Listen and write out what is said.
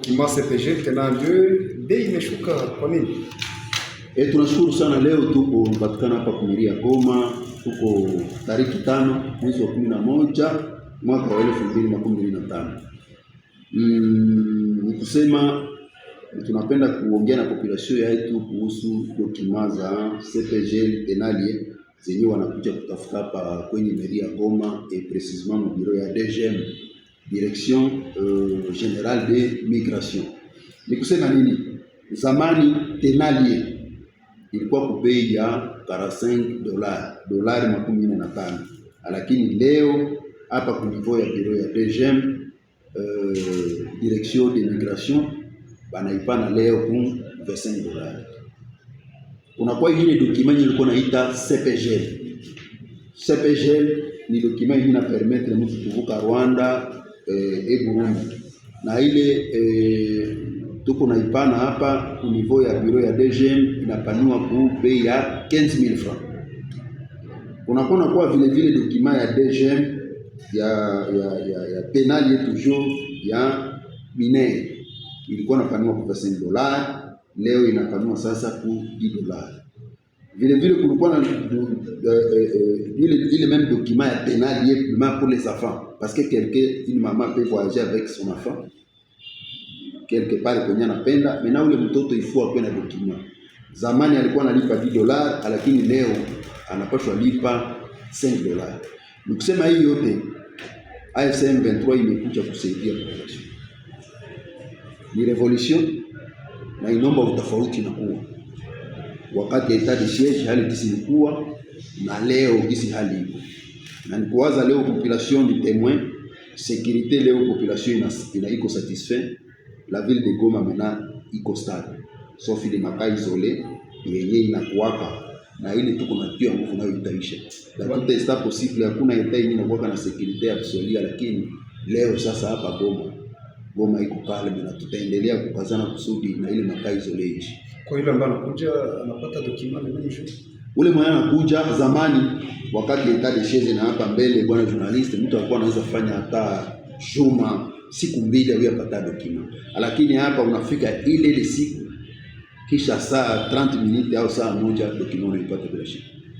Kimasepeje bei imeshuka kwa nini? Eh, tunashukuru sana leo tuko patikana hapa kumiria Goma, tuko tariki tano mwezi wa kumi na moja mwaka wa elfu mbili na kumi na tano. Mm, kusema tunapenda kuongea na population yetu kuhusu dokima za CPG Tenalie zenye wanakuja kutafuta hapa kwenye meria Goma, e precisement mu biro ya DGM direction uh, general de migration. Ni kusema nini? Zamani tenalie ilikuwa kwa bei ya 45 dola dolari makumi nne na tano, lakini leo hapa ku niveau ya biro ya DGM uh, direction de migration banaipana leo ku 25 dola. Unakuwa ile document ilikuwa naita CPGL. CPGL ni document ina permettre mtu kuvuka Rwanda Eh, eh, Burundi na ile eh, tuko na ipana hapa ku niveau ya bureau ya DGM inapanua ku bei ya 15000 francs. Unakuwa nakuwa vile vile dokima ya DGM ya ya ya, ya penali toujours ya mine ilikuwa inapanua kwa 5 dollars, leo inapanua sasa ku 10 dollars. Vilevile kulikuwa na ile même document ya pena lié pour les enfants parce que quelqu'un une maman peut voyager avec son enfant quelque part kwenye anapenda. Mena ule mtoto ifua akuwe na document. Zamani alikuwa analipa 10 dollars, lakini leo anapashwa lipa 5 dollars. Nikusema hii yote AFC M23 imekuja kusaidia population. Ni revolution na inomba utofauti na kuwa wakati yahitaji sheshi hali tisilikuwa na leo gisi hali iko na nikuwaza leo population du témoin sécurité leo population ina, ina iko satisfait la ville de Goma mena iko stable sauf ile maka isolé yenye inakuwaka na ile tuko na tio nguvu nayo itaisha, lakini testa possible hakuna etat yenye inakuwaka na sécurité absolue, lakini leo sasa hapa Goma Goma iko pale na tutaendelea kupazana kusudi na ile makaa isolate. Kwa hilo ambalo anakuja anapata document na mwisho. Ule mwana anakuja zamani wakati etade cheze na hapa mbele bwana journalist mtu alikuwa anaweza fanya hata juma siku mbili au yapata document. Lakini hapa unafika ile ile siku kisha saa 30 minutes au saa moja document unaipata bila shida.